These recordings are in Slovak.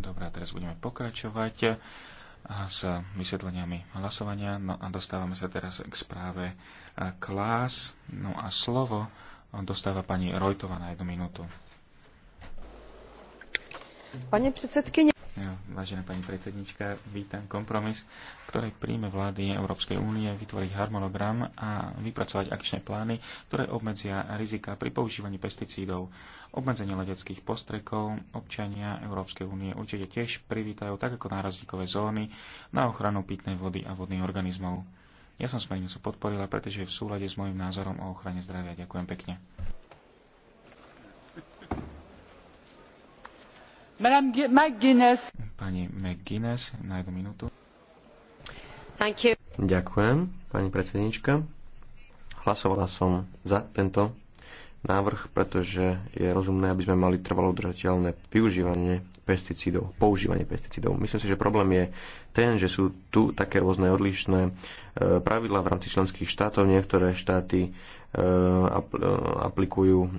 Dobre, teraz budeme pokračovať eh, s vysvetleniami hlasovania. No a dostávame sa teraz k správe eh, Klás. No a slovo dostáva pani Rojtova na jednu minútu. Pane predsedkyne, ja, vážená pani predsednička, vítam kompromis, ktorý príjme vlády Európskej únie vytvoriť harmonogram a vypracovať akčné plány, ktoré obmedzia rizika pri používaní pesticídov. Obmedzenie leteckých postrekov občania Európskej únie určite tiež privítajú tak ako nárazníkové zóny na ochranu pitnej vody a vodných organizmov. Ja som smernicu podporila, pretože je v súlade s môjim názorom o ochrane zdravia. Ďakujem pekne. Pani McGuinness, na jednu minútu. Ďakujem, pani predsednička. Hlasovala som za tento návrh, pretože je rozumné, aby sme mali trvalo udržateľné využívanie pesticídov, používanie pesticídov. Myslím si, že problém je ten, že sú tu také rôzne odlišné e, pravidlá v rámci členských štátov. Niektoré štáty Eh, eh, aplikujú eh,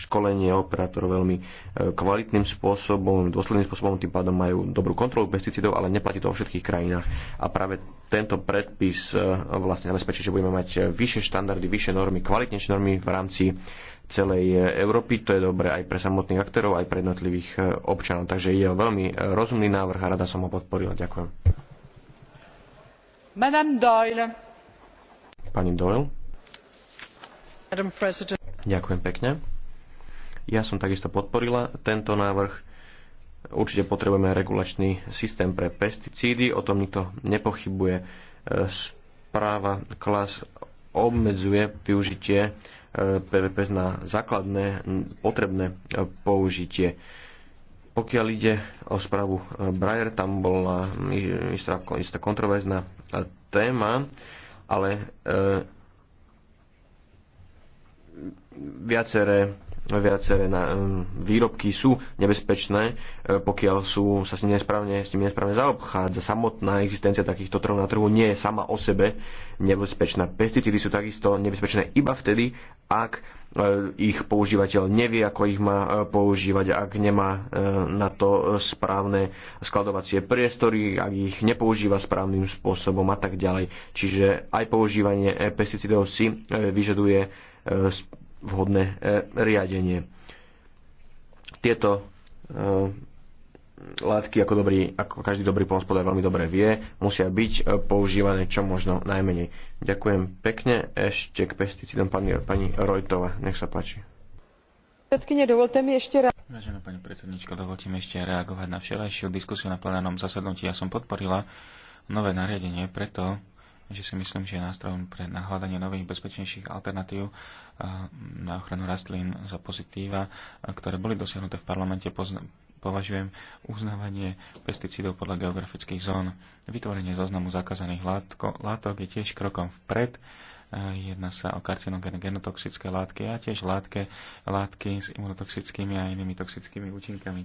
školenie operátorov veľmi kvalitným spôsobom, dôsledným spôsobom, tým pádom majú dobrú kontrolu pesticidov, ale neplatí to vo všetkých krajinách. A práve tento predpis vlastne zabezpečí, že budeme mať vyššie štandardy, vyššie normy, kvalitnejšie normy v rámci celej Európy. To je dobré aj pre samotných aktérov, aj pre jednotlivých občanov. Takže ide veľmi rozumný návrh a rada som ho podporila. Ďakujem. Madame Doyle. Pani Doyle. Ďakujem pekne. Ja som takisto podporila tento návrh. Určite potrebujeme regulačný systém pre pesticídy, o tom nikto nepochybuje. E, správa klas obmedzuje využitie PVP e, na základné potrebné e, použitie. Pokiaľ ide o správu Breyer, tam bola istá, istá kontroverzná téma, ale viaceré viaceré na, výrobky sú nebezpečné, e, pokiaľ sú, sa s, nimi nesprávne, s nimi nesprávne zaobchádza. Samotná existencia takýchto trhov na trhu nie je sama o sebe nebezpečná. Pesticídy sú takisto nebezpečné iba vtedy, ak e, ich používateľ nevie, ako ich má e, používať, ak nemá na to správne skladovacie priestory, ak ich nepoužíva správnym spôsobom a tak ďalej. Čiže aj používanie pesticídov si vyžaduje vhodné e, riadenie. Tieto e, látky, ako, dobrý, ako každý dobrý pohospodár veľmi dobre vie, musia byť e, používané čo možno najmenej. Ďakujem pekne. Ešte k pesticidom pani, pani Rojtova. Nech sa páči. Dovolte mi ešte raz. Vážená pani predsednička, dovolte mi ešte reagovať na včerajšiu diskusiu na plenárnom zasadnutí. Ja som podporila nové nariadenie, preto že si myslím, že nástrojom pre nahľadanie nových bezpečnejších alternatív na ochranu rastlín za pozitíva, ktoré boli dosiahnuté v parlamente, považujem uznávanie pesticídov podľa geografických zón. Vytvorenie zoznamu zakázaných látok je tiež krokom vpred. Jedná sa o karcinogen genotoxické látky a tiež látke, látky s imunotoxickými a inými toxickými účinkami.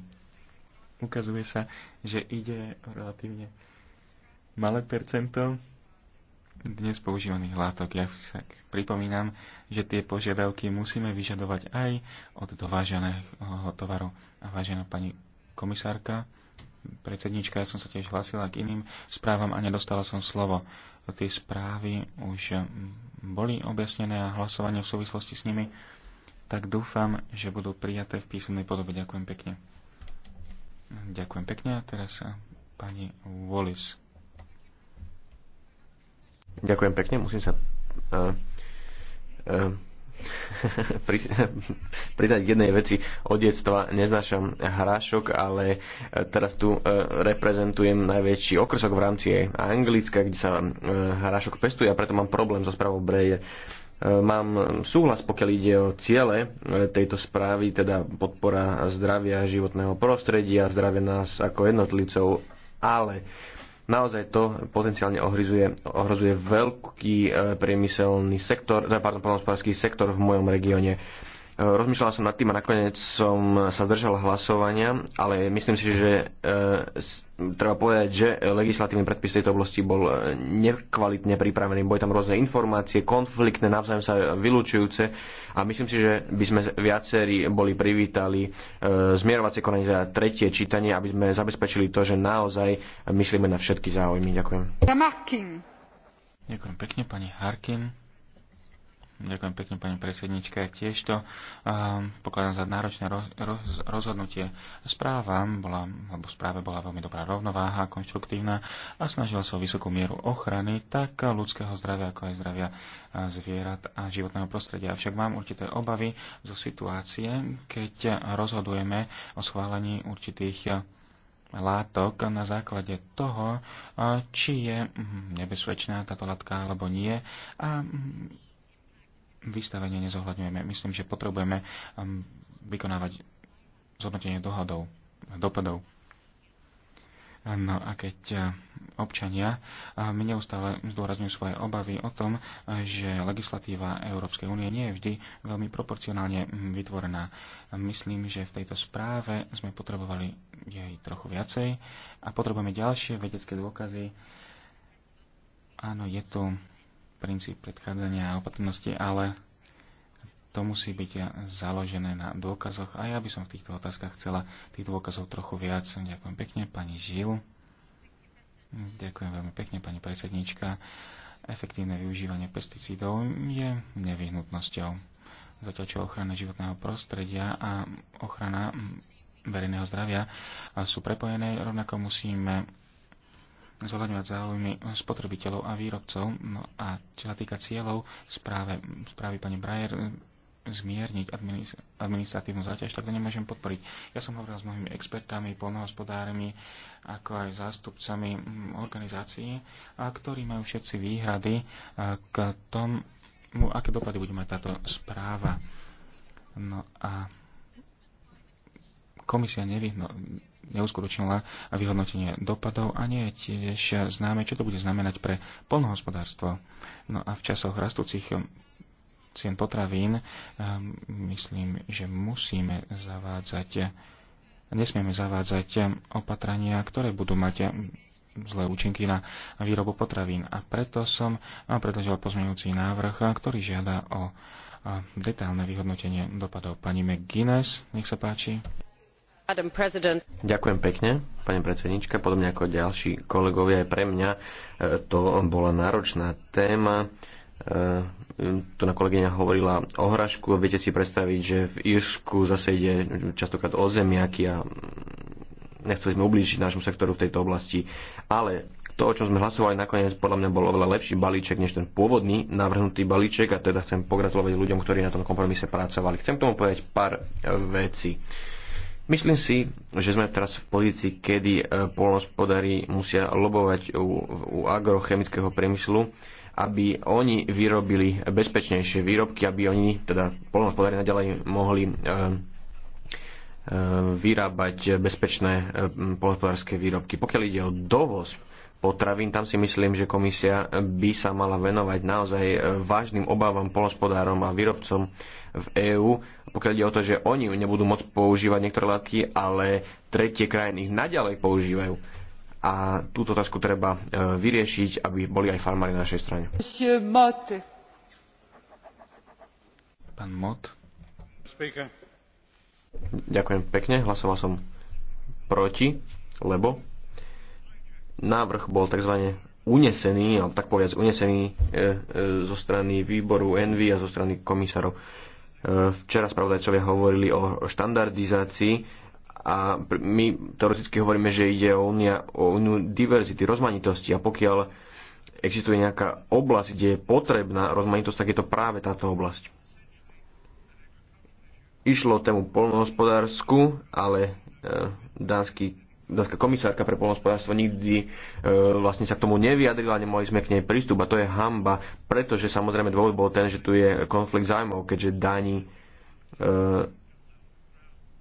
Ukazuje sa, že ide relatívne malé percento dnes používaných látok. Ja však pripomínam, že tie požiadavky musíme vyžadovať aj od dováženého tovaru. A vážená pani komisárka, predsednička, ja som sa tiež hlasila k iným správam a nedostala som slovo. Tie správy už boli objasnené a hlasovanie v súvislosti s nimi, tak dúfam, že budú prijaté v písomnej podobe. Ďakujem pekne. Ďakujem pekne. A teraz pani Wallis. Ďakujem pekne, musím sa eh, eh, priznať k jednej veci. Od detstva neznášam hrášok, ale eh, teraz tu reprezentujem najväčší okrsok v rámci Anglicka, kde sa hrášok pestuje a preto mám problém so správou Breyer. Mám súhlas, pokiaľ ide o ciele tejto správy, teda podpora zdravia životného prostredia, zdravia nás ako jednotlivcov, ale uh, naozaj to potenciálne ohrizuje, ohrozuje veľký e, priemyselný sektor, e, pardon, sektor v mojom regióne. Rozmýšľala som nad tým a nakoniec som sa zdržal hlasovania, ale myslím si, že e, treba povedať, že legislatívny predpis tejto oblasti bol e, nekvalitne pripravený. Boli tam rôzne informácie, konfliktné, navzájom sa vylúčujúce a myslím si, že by sme viacerí boli privítali e, zmierovacie konanie za teda tretie čítanie, aby sme zabezpečili to, že naozaj myslíme na všetky záujmy. Ďakujem. Ďakujem pekne, pani Harkin. Ďakujem pekne, pani predsednička. Tiež to pokladám za náročné roz, rozhodnutie. Správa bola, alebo správe bola veľmi dobrá rovnováha, konštruktívna a snažila sa o vysokú mieru ochrany tak ľudského zdravia, ako aj zdravia zvierat a životného prostredia. Avšak mám určité obavy zo situácie, keď rozhodujeme o schválení určitých látok na základe toho, či je nebezpečná táto látka alebo nie a vystavenie nezohľadňujeme. Myslím, že potrebujeme um, vykonávať zhodnotenie dohodov, dopadov. Um, no a keď uh, občania mi um, neustále zdôrazňujú svoje obavy o tom, že legislatíva Európskej únie nie je vždy veľmi proporcionálne vytvorená. Myslím, že v tejto správe sme potrebovali jej trochu viacej a potrebujeme ďalšie vedecké dôkazy. Áno, je tu princíp predchádzania a opatrnosti, ale to musí byť založené na dôkazoch a ja by som v týchto otázkach chcela tých dôkazov trochu viac. Ďakujem pekne, pani Žil. Ďakujem veľmi pekne, pani predsednička. Efektívne využívanie pesticídov je nevyhnutnosťou. Zatiaľ čo ochrana životného prostredia a ochrana verejného zdravia sú prepojené, rovnako musíme zohľadňovať záujmy spotrebiteľov a výrobcov. No a čo sa týka cieľov správe, správy pani Brajer, e, zmierniť administratívnu záťaž, tak to nemôžem podporiť. Ja som hovoril s mnohými expertami, polnohospodármi, ako aj zástupcami mm, organizácií, a ktorí majú všetci výhrady e, k tomu, aké dopady bude mať táto správa. No a komisia nevyhno, neuskutočnila vyhodnotenie dopadov a nie je tiež známe, čo to bude znamenať pre polnohospodárstvo. No a v časoch rastúcich cien potravín eh, myslím, že musíme zavádzať nesmieme zavádzať opatrania, ktoré budú mať zlé účinky na výrobu potravín. A preto som predložil pozmeňujúci návrh, ktorý žiada o eh, detailné vyhodnotenie dopadov. Pani McGuinness, nech sa páči. Ďakujem pekne, pani predsednička. Podobne ako ďalší kolegovia, aj pre mňa e, to bola náročná téma. E, tu na kolegyňa hovorila o hrašku. Viete si predstaviť, že v Írsku zase ide častokrát o zemiaky a nechceli sme ublížiť nášmu sektoru v tejto oblasti. Ale to, o čom sme hlasovali nakoniec, podľa mňa bol oveľa lepší balíček než ten pôvodný navrhnutý balíček a teda chcem pogratulovať ľuďom, ktorí na tom kompromise pracovali. Chcem k tomu povedať pár e, vecí. Myslím si, že sme teraz v pozícii, kedy e, polnospodári musia lobovať u, u agrochemického priemyslu, aby oni vyrobili bezpečnejšie výrobky, aby oni, teda polnospodári naďalej mohli e, e, vyrábať bezpečné e, polnospodárske výrobky. Pokiaľ ide o dovoz potravín. Tam si myslím, že komisia by sa mala venovať naozaj vážnym obávam polospodárom a výrobcom v EÚ, pokiaľ ide o to, že oni nebudú môcť používať niektoré látky, ale tretie krajiny ich naďalej používajú. A túto otázku treba e, vyriešiť, aby boli aj farmári na našej strane. Pán Mot. Ďakujem pekne, hlasoval som proti, lebo návrh bol tzv. unesený, alebo tak povedať unesený e, e, zo strany výboru Envy a zo strany komisárov. E, včera spravodajcovia hovorili o štandardizácii a my teoreticky hovoríme, že ide o unia, o uniu diverzity, rozmanitosti a pokiaľ existuje nejaká oblasť, kde je potrebná rozmanitosť, tak je to práve táto oblasť. Išlo tému polnohospodársku, ale e, dánsky dneska komisárka pre polnospodárstvo nikdy e, vlastne sa k tomu nevyjadrila, nemali sme k nej prístup a to je hamba, pretože samozrejme dôvod bol ten, že tu je konflikt zájmov, keďže Dani e,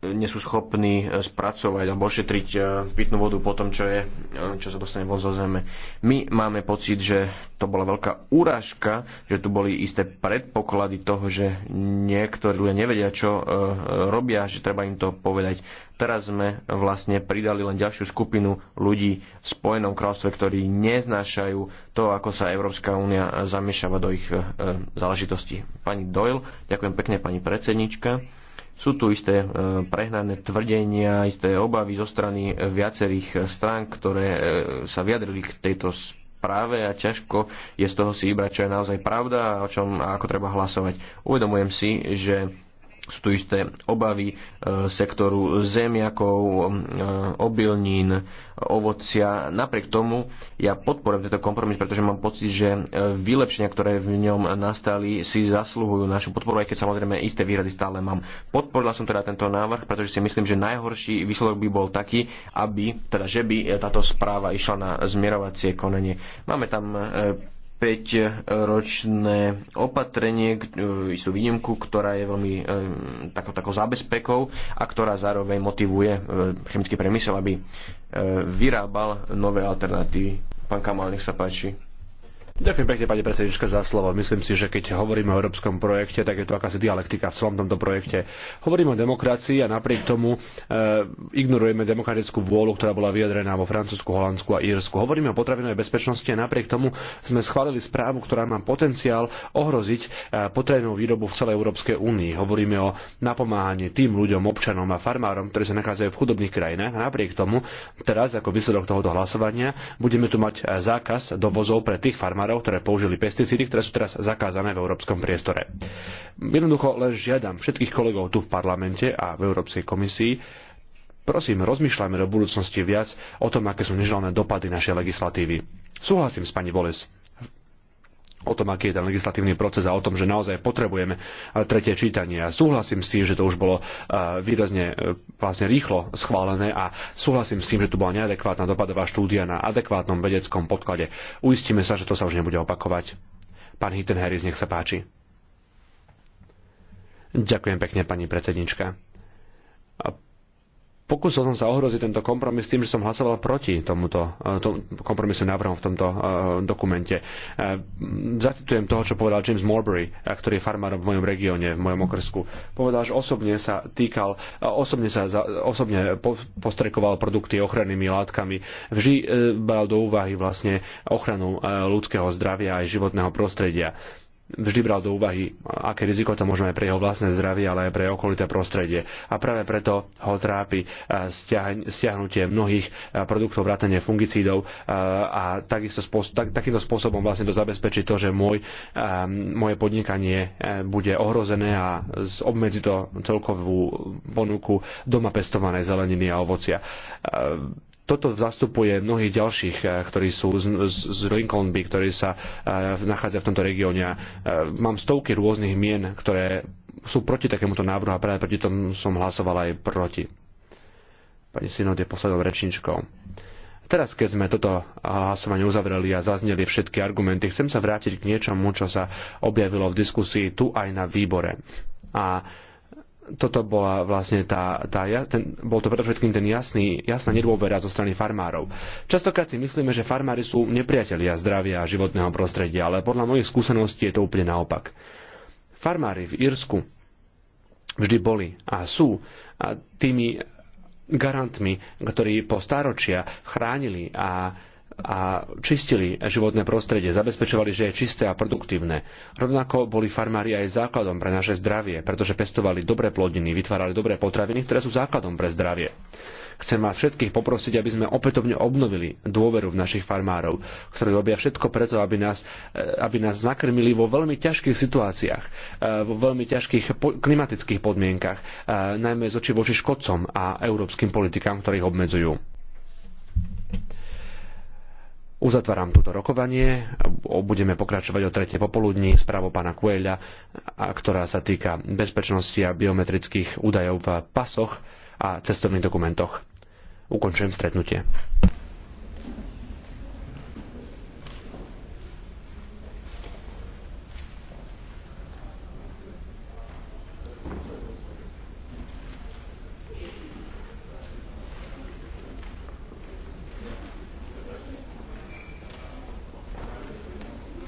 nie sú schopní eh, spracovať alebo ošetriť eh, pitnú vodu po tom, čo, je, eh, čo sa dostane von zo zeme. My máme pocit, že to bola veľká úražka, že tu boli isté predpoklady toho, že niektorí ľudia nevedia, čo robia, že treba im to povedať. Teraz sme vlastne pridali len ďalšiu skupinu ľudí v Spojenom kráľstve, ktorí neznášajú to, ako sa Európska únia zamiešava do ich záležitostí. Pani Doyle, ďakujem pekne pani predsednička sú tu isté e, prehnané tvrdenia, isté obavy zo strany e, viacerých e, strán, ktoré sa vyjadrili k tejto práve a ťažko je z toho si vybrať, čo je naozaj pravda a o čom a ako treba hlasovať. Uvedomujem si, že sú tu isté obavy e, sektoru zemiakov, e, obilnín, ovocia. Napriek tomu ja podporujem tento kompromis, pretože mám pocit, že e, vylepšenia, ktoré v ňom nastali, si zasluhujú našu podporu, aj keď samozrejme isté výhrady stále mám. Podporila som teda tento návrh, pretože si myslím, že najhorší výsledok by bol taký, aby, teda že by táto správa išla na zmierovacie konanie. Máme tam 5-ročné opatrenie, e, istú výnimku, ktorá je veľmi e, takou, takou zábezpekou a ktorá zároveň motivuje e, chemický priemysel, aby vyrábal nové alternatívy. Pán Kamal, nech sa páči. Ďakujem pekne, pani predsednička, za slovo. Myslím si, že keď hovoríme o európskom projekte, tak je to akási dialektika v celom tomto projekte. Hovoríme o demokracii a napriek tomu e, ignorujeme demokratickú vôľu, ktorá bola vyjadrená vo Francúzsku, Holandsku a Írsku. Hovoríme o potravinovej bezpečnosti a napriek tomu sme schválili správu, ktorá má potenciál ohroziť eh, potravinovú výrobu v celej Európskej únii. Hovoríme o napomáhaní tým ľuďom, občanom a farmárom, ktorí sa nachádzajú v chudobných krajinách. A napriek tomu teraz, ako výsledok tohoto hlasovania, budeme tu mať eh, zákaz dovozov pre tých farmárov, farmárov, ktoré použili pesticídy, ktoré sú teraz zakázané v európskom priestore. Jednoducho len žiadam všetkých kolegov tu v parlamente a v Európskej komisii, Prosím, rozmýšľajme do budúcnosti viac o tom, aké sú neželané dopady našej legislatívy. Súhlasím s pani Voles o tom, aký je ten legislatívny proces a o tom, že naozaj potrebujeme eh, tretie čítanie. A súhlasím s tým, že to už bolo eh, výrazne eh, vlastne rýchlo schválené a súhlasím s tým, že tu bola neadekvátna dopadová štúdia na adekvátnom vedeckom podklade. Uistíme sa, že to sa už nebude opakovať. Pán Hitten Harris, nech sa páči. Ďakujem pekne, pani predsednička Pokúsil som sa ohroziť tento kompromis tým, že som hlasoval proti tomuto e, tom, kompromisu návrhom v tomto uh, dokumente. Uh, zacitujem toho, čo povedal James Morbury, ktorý je farmár v mojom regióne, v mojom okrsku. Povedal, že osobne sa týkal, osobne sa za, osobne po, postrekoval produkty ochrannými látkami. Vždy uh, bral do úvahy vlastne ochranu uh, ľudského zdravia aj životného prostredia vždy bral do úvahy, aké riziko to môžeme pre jeho vlastné zdravie, ale aj pre okolité prostredie. A práve preto ho trápi eh, stiahnutie mnohých eh, produktov vrátane fungicídov eh, a takisto, tak, takýmto spôsobom vlastne to zabezpečí to, že môj, moje podnikanie bude ohrozené a obmedzi to celkovú ponuku doma pestovanej zeleniny a ovocia toto zastupuje mnohých ďalších, eh, ktorí sú z, z Lincolnby, ktorí sa eh, nachádzajú v tomto regióne. Eh, mám stovky rôznych mien, ktoré sú proti takémuto návrhu a práve proti tomu som hlasoval aj proti. Pani Synod je poslednou rečničkou. Teraz, keď sme toto hlasovanie uzavreli a zazneli všetky argumenty, chcem sa vrátiť k niečomu, čo sa objavilo v diskusii tu aj na výbore. A toto bola vlastne tá, tá ten, bol to predovšetkým ten jasný, jasná nedôvera zo strany farmárov. Častokrát si myslíme, že farmári sú nepriatelia zdravia a životného prostredia, ale podľa mojich skúseností je to úplne naopak. Farmári v Írsku vždy boli a sú a tými garantmi, ktorí po staročia chránili a a čistili životné prostredie, zabezpečovali, že je čisté a produktívne. Rovnako boli farmári aj základom pre naše zdravie, pretože pestovali dobré plodiny, vytvárali dobré potraviny, ktoré sú základom pre zdravie. Chcem vás všetkých poprosiť, aby sme opätovne obnovili dôveru v našich farmárov, ktorí robia všetko preto, aby nás, eh, aby nás nakrmili vo veľmi ťažkých situáciách, eh, vo veľmi ťažkých klimatických podmienkach, eh, najmä z oči voči škodcom a európskym politikám, ktorých obmedzujú. Uzatváram toto rokovanie. Budeme pokračovať o tretie popoludní správou pána coelha ktorá sa týka bezpečnosti a biometrických údajov v pasoch a cestovných dokumentoch. Ukončujem stretnutie.